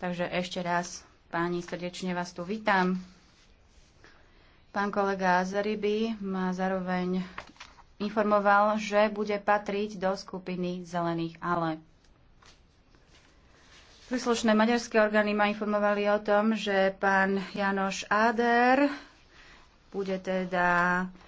Takže ešte raz, páni, srdečne vás tu vítam. Pán kolega Zariby ma zároveň informoval, že bude patriť do skupiny Zelených ale. Príslušné maďarské orgány ma informovali o tom, že pán Janoš Áder bude teda